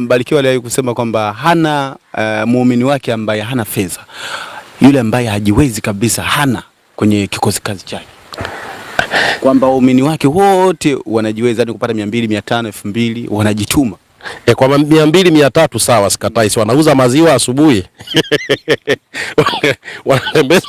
Mbarikiwa aliwahi kusema kwamba hana uh, muumini wake ambaye hana fedha, yule ambaye hajiwezi kabisa, hana kwenye kikosi kazi chake, kwamba waumini wake wote wanajiweza, hadi kupata mia mbili mia tano elfu mbili wanajituma. E, kwa mia mbili mia tatu sawa, sikatai. Si wanauza maziwa asubuhi wanatembeza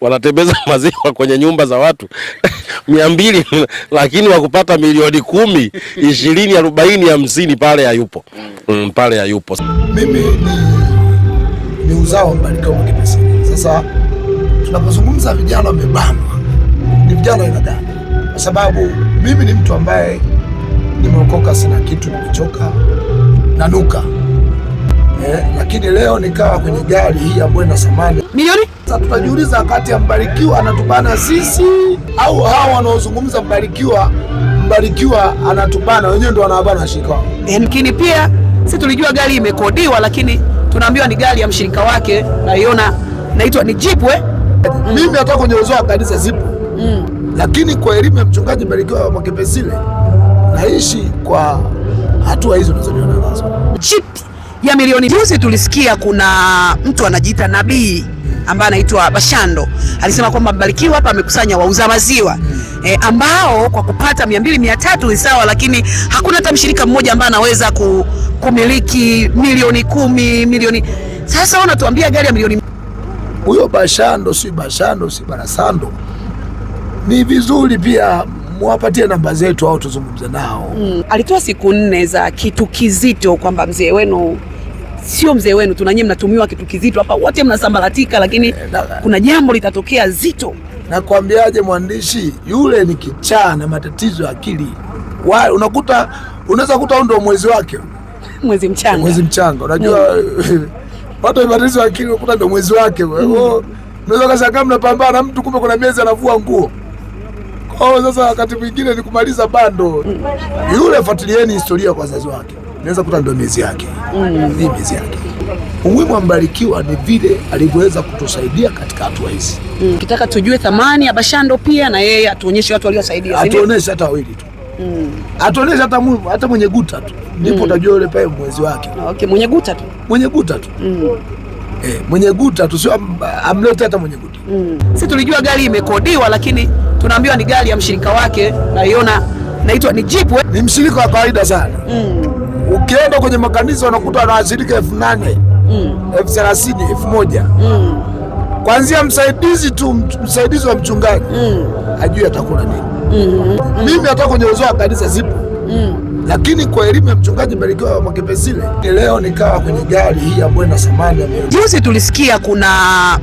wanatembeza maziwa kwenye nyumba za watu mia mbili, lakini wakupata milioni kumi, ishirini, arobaini, hamsini pale hayupo. Mm, pale hayupo. Mimi ni uzao Mbarikiwa Mwakipesile. Sasa tunapozungumza vijana wamebanwa, ni vijana ina Kwa sababu mimi ni mtu ambaye nimeokoka, sina kitu, nimechoka nanuka eh, lakini leo nikawa kwenye gari hii ambayo ina samani milioni. Sasa tutajiuliza kati ya Mbarikiwa anatubana sisi au hao wanaozungumza Mbarikiwa, Mbarikiwa anatubana wenyewe, ndo wanawabana shika. Eh, lakini pia sisi tulijua gari imekodiwa, lakini tunaambiwa ni gari ya mshirika wake, naiona naitwa ni jipu eh? Mimi hata kwenye uzoa kanisa zipo, mm. lakini kwa elimu ya mchungaji Mbarikiwa wa Mwakipesile naishi kwa hatua hizo tunazoniona nazo. Chip ya milioni. Juzi tulisikia kuna mtu anajiita nabii ambaye anaitwa Bashando alisema kwamba Mbarikiwa hapa amekusanya wauza maziwa e, ambao kwa kupata mia mbili mia tatu ni sawa, lakini hakuna hata mshirika mmoja ambaye anaweza kumiliki milioni kumi milioni. Sasa unatuambia gari ya milioni. Huyo Bashando si Bashando si Barasando, ni vizuri pia mwapatie namba zetu au tuzungumze nao. Mm. Alitoa siku nne za kitu kizito kwamba mzee wenu sio mzee wenu tu, mnatumiwa kitu kizito hapa, wote mnasambaratika, lakini eh, na, kuna jambo litatokea zito. Nakwambiaje mwandishi yule ni kichaa na matatizo ya akili. Wao unakuta unaweza kuta ndo mwezi wake mwezi mchanga, mwezi mchanga, unajua mm. watu mm. matatizo ya akili unakuta ndo mwezi wake. Mm. Unaweza kashangaa mnapambana mtu, kumbe kuna miezi anavua nguo. Oh, sasa wakati mwingine ni kumaliza bando yule. Fuatilieni historia kwa wazazi wake, naweza kuta ndio miezi yake hii, miezi yake umwimu wa Mbarikiwa ni vile alivyoweza kutusaidia katika hatua hizi. Mm. Kitaka tujue thamani ya Bashando pia na yeye atuonyeshe watu waliosaidia, atuonyeshe hata wawili tu Mm. Atuonyeshe hata hata mwenye guta tu. Ndipo mm. utajua yule pale mwezi wake. Okay, mwenye guta tu. Mwenye guta tu. Mm. Eh, mwenye guta tusio amlete hata mwenye guta mm. Sisi tulijua gari imekodiwa, lakini tunaambiwa ni gari ya mshirika wake, naiona naitwa ni jeep, ni mshirika wa kawaida sana mm. Ukienda kwenye makanisa wanakuta wanawashirika elfu nane mm. elfu thelathini elfu moja mm. Kwanzia msaidizi tu, msaidizi wa mchungaji mm. ajui atakula nini mm -hmm. Mimi hata kwenye uzoa wa kanisa zipo mm lakini kwa elimu ya mchungaji Mbarikiwa wa Mwakipesile, leo nikawa kwenye gari hii ambayo ina samani. Juzi tulisikia kuna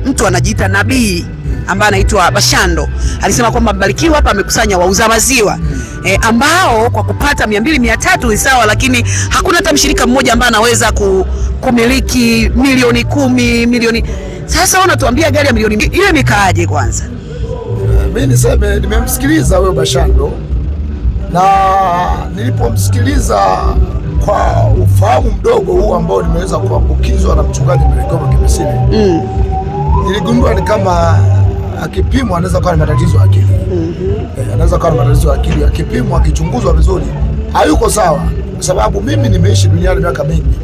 mtu anajiita nabii ambaye anaitwa Bashando alisema kwamba Mbarikiwa hapa amekusanya wauza maziwa hmm. e, ambao kwa kupata mia mbili mia tatu ni sawa, lakini hakuna hata mshirika mmoja ambaye anaweza kumiliki milioni kumi milioni. Sasa unatuambia gari ya milioni ile mikaaje? Kwanza eh, mimi niseme nimemsikiliza huyo Bashando na nilipomsikiliza kwa ufahamu mdogo huu ambao nimeweza kuambukizwa na mchungaji Melkoma Kimisile mm. niligundua ni kama akipimwa anaweza kuwa na matatizo ya akili mm -hmm. E, anaweza kuwa na matatizo ya akili akipimwa, akichunguzwa vizuri hayuko sawa, kwa sababu mimi nimeishi duniani miaka mingi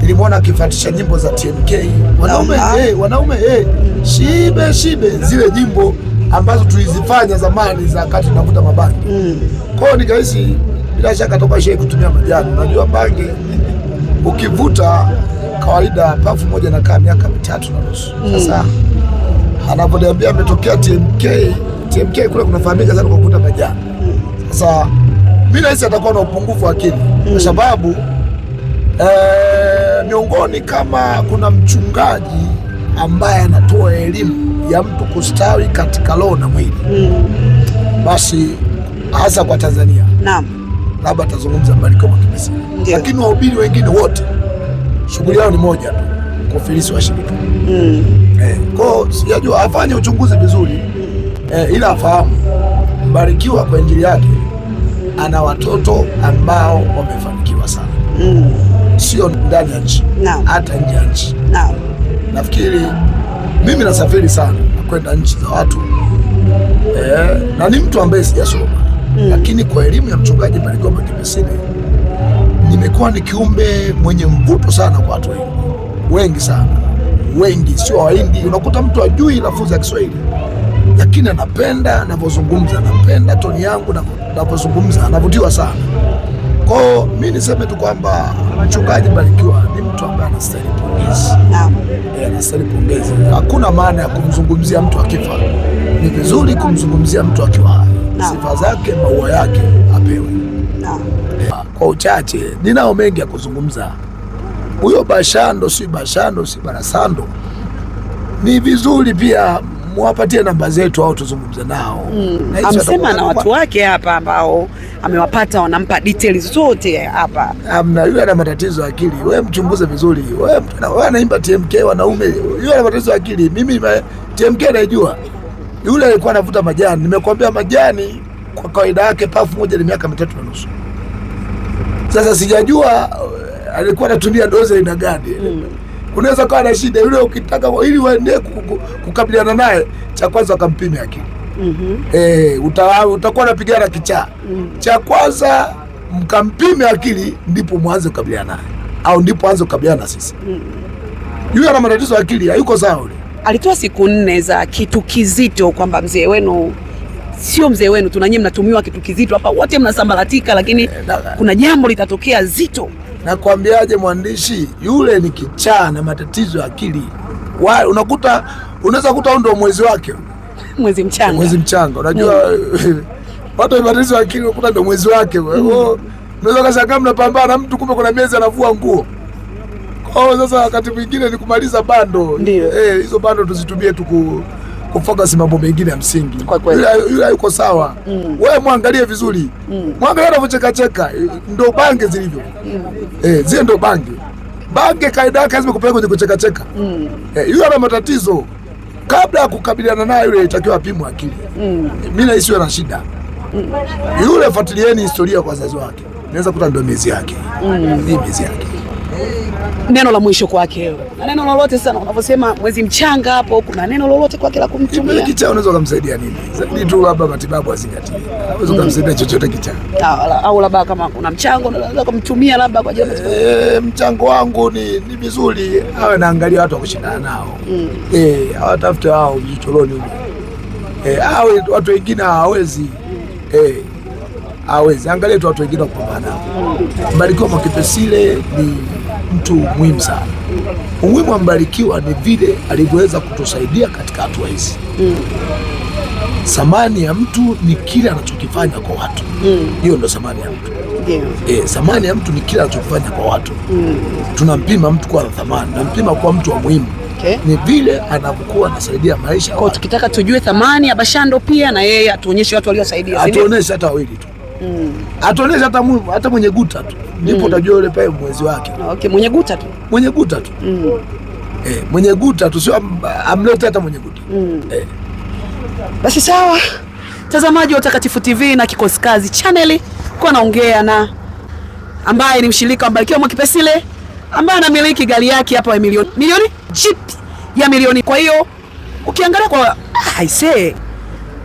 nilimwona akifatisha nyimbo za TMK wanaume hey, ah. eh, wanaume hey, eh, shibe shibe, zile nyimbo ambazo tulizifanya zamani za kati navuta mabandi mm. Kwa nikahisi bila shaka toka shei kutumia majani. Unajua bangi ukivuta kawaida pafu moja nakaa miaka mitatu na nusu. Mm. Sasa anaponiambia ametokea TMK, TMK kule kunafahamika sana kwa kuvuta majani. Sasa mimi nahisi atakuwa na upungufu wa akili kwa mm. sababu eh, miongoni e, kama kuna mchungaji ambaye anatoa elimu ya mtu kustawi katika roho na mwili, mm. basi hasa kwa Tanzania. Naam, labda tazungumza mabadiliko kwa kipesa, lakini wahubiri wengine wote shughuli yao ni moja tu, kufilisi washirika mm. Eh, kwa sijajua afanye uchunguzi vizuri mm. Eh, ila afahamu Mbarikiwa kwa injili yake ana watoto ambao wamefanikiwa sana mm. Sio ndani ya nchi hata nje ya nchi. Nafikiri mimi nasafiri sana na kwenda nchi za watu eh, na ni mtu ambaye sijasoma mm. Lakini kwa elimu ya mchungaji Barigomba Kipesile, nimekuwa ni kiumbe mwenye mvuto sana kwa watu wengi wengi sana, wengi sio Wahindi. Unakuta mtu ajui lafudhi ya Kiswahili, lakini anapenda anavyozungumza, anapenda toni yangu navyozungumza, anavutiwa sana kwao. Mi niseme tu kwamba mchungaji Barikiwa ni mtu ambaye anastahili pongezi, eh, anastahili pongezi. Hakuna maana ya kumzungumzia mtu akifa, ni vizuri kumzungumzia mtu akiwa sifa zake, maua yake apewe na. Eh, kwa uchache ninao mengi ya kuzungumza. Huyo Bashando si Bashando si Barasando, ni vizuri pia mwapatie namba zetu au tuzungumze nao mm. Na amsema na watu wake hapa ambao amewapata wanampa details zote hapa. Amna yule ana matatizo akili, wewe mchunguze vizuri. Wewe anaimba TMK wanaume, yule ana matatizo akili. Mimi TMK naijua yule alikuwa anavuta majani, nimekuambia majani kwa kawaida yake pafu moja ni miaka mitatu na nusu. Sasa sijajua eh, alikuwa anatumia dozi aina gani mm. Unaweza kawa na shida yule, ukitaka ili waendee kukabiliana naye, cha kwanza wakampime akili mm -hmm. E, uta, utakuwa napigana kichaa mm. Cha kwanza mkampime akili, ndipo mwanze kukabiliana naye au ndipo anze kukabiliana na sisi mm. Yule ana matatizo ya akili, hayuko sawa yule alitoa siku nne za kitu kizito, kwamba mzee wenu sio mzee wenu, tunanyie mnatumiwa kitu kizito hapa, wote mnasambaratika, lakini eh, na, kuna jambo litatokea zito. Nakwambiaje mwandishi yule ni kichaa na matatizo ya akili. Wao unakuta unaweza kuta ndio mwezi wake mwezi mchanga, mwezi mchanga, unajua mm. watu wa matatizo ya akili unakuta ndio mwezi wake. Mm. Oh, unaweza kashangaa mnapambana mtu kumbe kuna miezi anavua nguo Oh, sasa wakati mwingine ni kumaliza bando. Ndio. Eh, hizo bando tuzitumie tu kufocus mambo mengine ya msingi. Yule yuko sawa. Mm. Wewe mwangalie vizuri. Mm. Mwangalie anavyocheka cheka. Eh, ndio bange zilivyo. Mm. Eh, zile ndio bange. Bange kaida yake lazima kupeleka kwenye kucheka cheka. Mm. Eh, yule ana matatizo. Kabla ya kukabiliana naye yule itakiwa apimwe akili. Mm. Mimi na naisiwe na shida. Mm. Yule fuatilieni historia kwa wazazi wake. Naweza kuta ndio miezi yake. Mm. Ni miezi yake neno la mwisho kwake wewe, na neno lolote sana unavyosema mwezi mchanga hapo, kuna neno lolote kwake la kumtumia kichaa, unaweza kumsaidia nini zaidi tu, labda matibabu azingatie, unaweza kumsaidia mm. chochote kichaa, au labda kama kuna mchango unaweza kumtumia labda kwa ajili ya e, mchango wangu ni ni vizuri, awe naangalia watu wa kushindana nao mm. eh, hawatafute hao vichoroni huko eh, awe watu wengine hawawezi eh awezi angalia tu watu wengine kupambana. Mm. Barikiwa Mwakipesile ni mtu muhimu sana. Umuhimu wa Mbarikiwa ni vile alivyoweza kutusaidia katika hatua hizi mm. Samani ya mtu ni kile anachokifanya kwa watu hiyo mm. Ndio ya mtu yeah. E, thamani ya mtu ni kile anachokifanya kwa watu mm. Tunampima mtu kuwa na thamani, tunampima kuwa mtu wa muhimu Okay. Ni vile anavyokuwa anasaidia maisha. Kwa tukitaka tujue thamani ya Bashando pia na yeye atuonyeshe watu waliosaidia. Atuonyeshe hata wawili tu mm. Atuonyeshe hata hata mwenye guta tu nipo, utajua mm. yule pale mwezi wake. Ah, okay, mwenye guta tu, mwenye guta tu mm. eh, mwenye guta tu sio amlete hata mwenye guta mm. eh. Basi sawa, mtazamaji wa Takatifu TV na Kikosi Kazi chaneli, kwa naongea na ambaye ni mshirika wa Mbarikiwa Mwakipesile ambaye anamiliki gari yake hapa ya milioni milioni, jipi ya milioni. Kwa hiyo ukiangalia kwa aisee ah,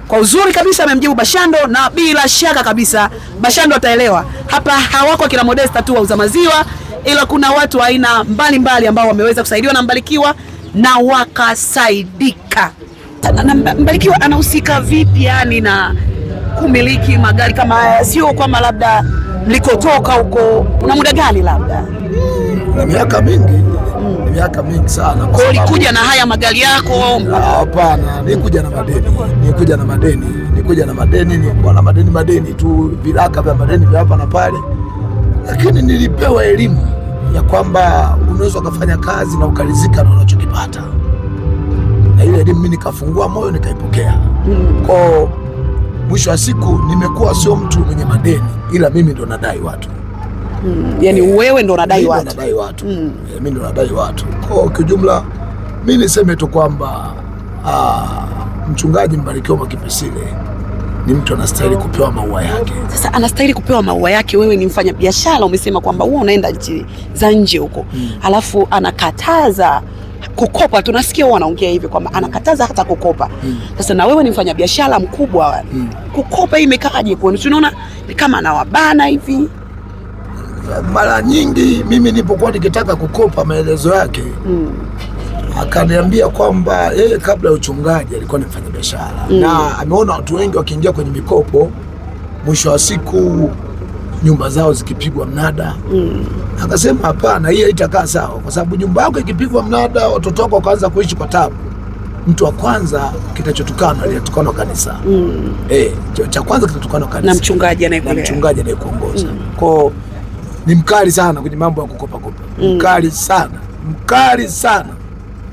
kwa uzuri kabisa amemjibu Bashando na bila shaka kabisa Bashando ataelewa. Hapa hawako kila Modesta tu wauza maziwa, ila kuna watu aina mbalimbali ambao wameweza kusaidiwa na Mbarikiwa na wakasaidika. mbalikiwa Mbarikiwa anahusika vipi yani na kumiliki magari kama haya? Sio kwamba labda mlikotoka huko, una muda gani labda? Na miaka mingi miaka mingi sana. Kwa ulikuja na haya magari yako? Hapana, nikuja na madeni, nilikuja na madeni, nikuja na madeni, nilikuwa na madeni, madeni tu, viraka vya madeni vya hapa na pale, lakini nilipewa elimu ya kwamba unaweza ukafanya kazi na ukarizika na unachokipata, na ile elimu mimi nikafungua moyo nikaipokea. hmm. Kwa mwisho wa siku nimekuwa sio mtu mwenye madeni, ila mimi ndo nadai watu mm. Yani yeah. Wewe ndo unadai watu, nadai watu mm. Yeah, mimi ndo nadai watu kwa kijumla. Mimi niseme tu kwamba ah, mchungaji Mbarikiwa Mwakipisile ni mtu anastahili kupewa maua yake. Sasa anastahili kupewa maua yake. Wewe ni mfanya biashara, umesema kwamba wewe unaenda nchi za nje huko mm. alafu anakataza kukopa. Tunasikia huwa anaongea hivi kwamba mm. anakataza hata kukopa. Mm. Sasa na wewe ni mfanya biashara mkubwa mm. kukopa hii imekaaje? Kwani tunaona kama anawabana hivi mara nyingi mimi nilipokuwa nikitaka kukopa maelezo yake mm. akaniambia kwamba yeye kabla ya uchungaji alikuwa ni mfanya biashara mm. na ameona watu wengi wakiingia kwenye mikopo, mwisho wa siku nyumba zao zikipigwa mnada mm. akasema hapana, hii haitakaa sawa, kwa sababu nyumba yako ikipigwa mnada, watoto wako wakaanza kuishi kwa tabu mtu wa kwanza kitachotukana aliyetukana kanisa mm. E, cha kwanza kitatukanwa kanisa na mchungaji anayekuongoza mm. kwao ni mkali sana kwenye mambo ya kukopa kopa, mm. mkali sana, mkali sana,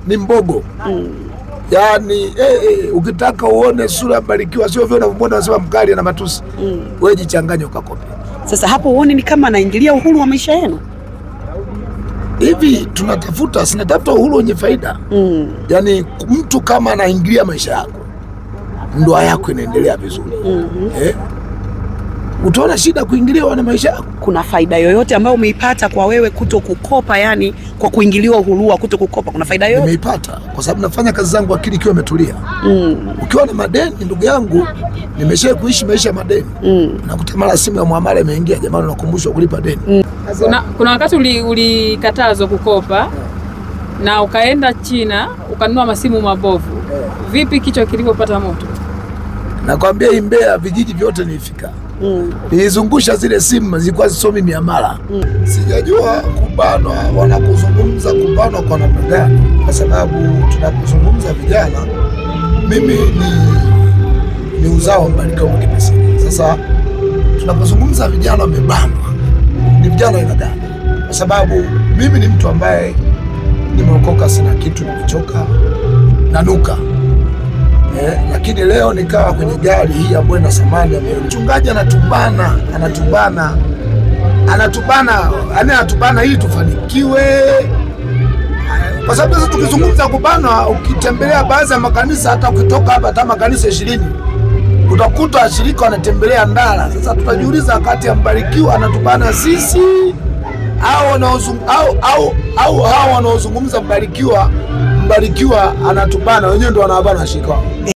ni mbogo mm. Yani eh, eh, ukitaka uone sura Mbarikiwa sio vile unavyomwona unasema mkali ana matusi mm. Wewe jichanganye ukakope. Sasa hapo uone ni kama anaingilia uhuru wa maisha yenu hivi. Tunatafuta, sinatafuta uhuru wenye faida mm. Yaani mtu kama anaingilia maisha yako, ndoa yako inaendelea vizuri mm -hmm. eh? utaona shida kuingiliwa na maisha yako. Kuna faida yoyote ambayo umeipata kwa wewe kuto kukopa? Yani kwa kuingiliwa uhurua, kuto kukopa, kuna faida yoyote? Nimeipata kwa sababu nafanya kazi zangu akili ikiwa imetulia. Mm. Ukiwa na madeni, ndugu yangu, nimesha kuishi maisha ya madeni. Mm. Nakuta mara simu ya muamala imeingia, jamani, unakumbushwa kulipa deni. Mm. Kuna, kuna wakati ulikatazwa uli kukopa na ukaenda China ukanunua masimu mabovu. Eh. Vipi kichwa kilipopata moto? Nakwambia hii Mbeya vijiji vyote nilifika mm. Nilizungusha zile simu zilikuwa zisomi miamala mm. Sijajua kubanwa wanakuzungumza kubanwa kwa namna gani, kwa sababu tunapozungumza vijana, mimi ni, ni uzao Mbarikiwa Mwakipesile. Sasa tunapozungumza vijana wamebanwa, ni vijana aina gani? Kwa sababu mimi ni mtu ambaye nimeokoka, sina kitu, nimechoka, nanuka eh, lakini leo nikawa kwenye gari hii ambayo ina samani ambayo mchungaji anatubana anatubana anatubana ani anatubana hii tufanikiwe, kwa sababu sasa tukizungumza kubana, ukitembelea baadhi ya makanisa, hata ukitoka hapa hata makanisa ishirini utakuta washirika wanatembelea ndara. Sasa tutajiuliza wakati ambarikiwa anatubana sisi au, au, au, au hao wanaozungumza mbarikiwa Mbarikiwa anatubana, wenyewe ndo wanabana shika